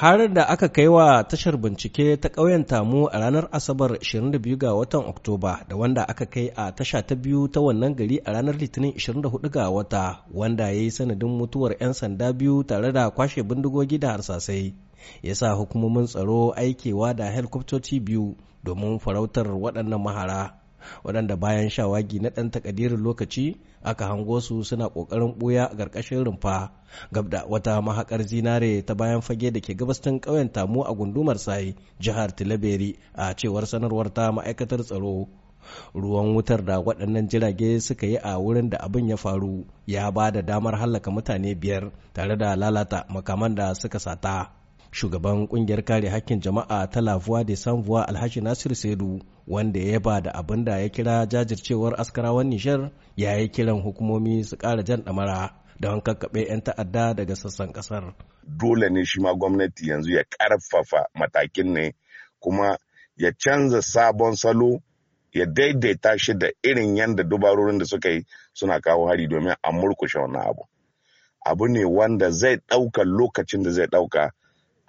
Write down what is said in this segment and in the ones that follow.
har da aka kai wa tashar bincike ta ƙauyen tamu a ranar asabar 22 ga watan oktoba da wanda aka kai a tasha ta biyu ta wannan gari a ranar litinin 24 ga wata wanda ya yi sanadin mutuwar 'yan sanda biyu tare da kwashe bindigogi da harsasai ya sa hukumomin tsaro aikewa da helikoptoci biyu domin farautar waɗannan mahara waɗanda bayan shawagi na ɗan takadirin lokaci aka hango su suna ƙoƙarin ɓuya a ƙarƙashin rumfa gab da wata mahaƙar zinare ta bayan fage da ke gabastin ƙauyen tamu a gundumar sai jihar tilaberi a cewar sanarwar ta ma'aikatar tsaro ruwan wutar da waɗannan jirage suka yi a wurin da abin ya faru ya ba da damar hallaka mutane biyar tare da lalata makaman da suka sata shugaban kungiyar kare hakkin jama'a ta lafuwa da sanvuwa alhaji nasir saidu wanda ya ba da abin da ya kira jajircewar askarawan nishar ya yi kiran hukumomi su kara jan ɗamara don kakkaɓe 'yan ta'adda daga sassan ƙasar. dole ne shi ma gwamnati yanzu ya karfafa matakin ne kuma ya canza sabon salo ya daidaita shi da irin yadda dubarorin da suka yi suna kawo hari domin a murkushe wannan abu abu ne wanda zai ɗauka lokacin da zai ɗauka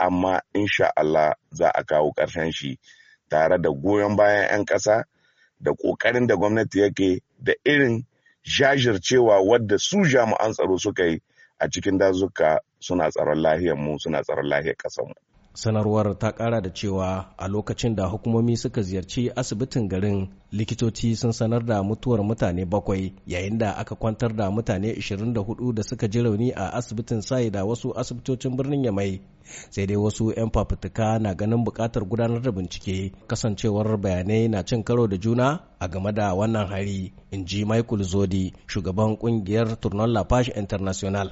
amma insha Allah za a kawo ƙarshen shi tare da goyon bayan 'yan ƙasa da ƙoƙarin da gwamnati yake da irin jajircewa wadda su jami'an tsaro suka yi a cikin dazuka suna tsaron lahiyarmu suna tsaron lahiyar ƙasarmu. sanarwar ta kara da cewa a lokacin da hukumomi suka ziyarci asibitin garin likitoci sun sanar da mutuwar mutane bakwai yayin da aka kwantar da mutane 24 da suka ji rauni a asibitin sai da wasu asibitocin birnin yamai sai dai wasu 'yan fafutuka na ganin bukatar gudanar da bincike kasancewar bayanai na cin karo da juna a game da wannan hari in ji michael zodi shugaban kungiyar turnon lafash international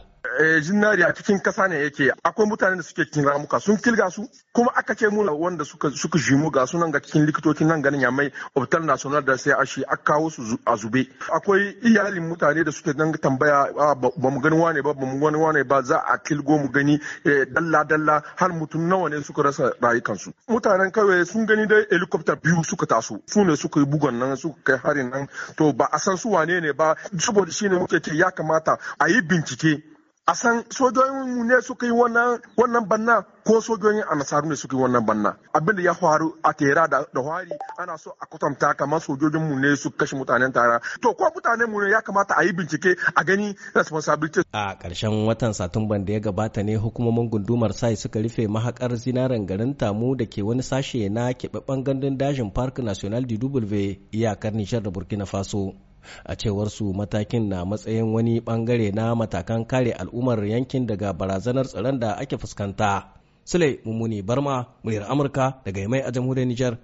zinari eh, a cikin kasa ne yake akwai mutane da suke cikin ramuka sun kilga su kuma aka ce mu wanda suka suka jimu ga sunan ga cikin likitocin nan ganin ya mai hospital national da sai ashi aka kawo su a zube akwai iyalin mutane da suke dan tambaya ba mu gani wane ba ba mu gani wane ba za a kilgo mu gani eh, dalla dalla har mutum nawa ne suka rasa rayukansu mutanen kawai sun gani dai helicopter biyu suka taso su ne suka yi bugon nan suka kai harin nan to ba a san su wane ne ba saboda shine muke ce ya kamata a yi bincike a san sojojin mu ne suka yi wannan banna ko sojojin nasaru ne suka yi wannan banna abin da ya faru a tera da hari ana so a kwatanta kamar sojojin mu ne su kashe mutanen tara to ko mutanen mu ne ya kamata a yi bincike a gani responsibility a ƙarshen watan satumban da ya gabata ne hukumomin gundumar sai suka rufe mahakar zinaren garin tamu da ke wani sashe na keɓaɓɓen gandun dajin park national du iyakar nishar da burkina faso a cewar su matakin na matsayin wani bangare na matakan kare al'ummar yankin daga barazanar tsaron da ake fuskanta sule mummuni barma muryar amurka daga mai a jamhuriyar nijar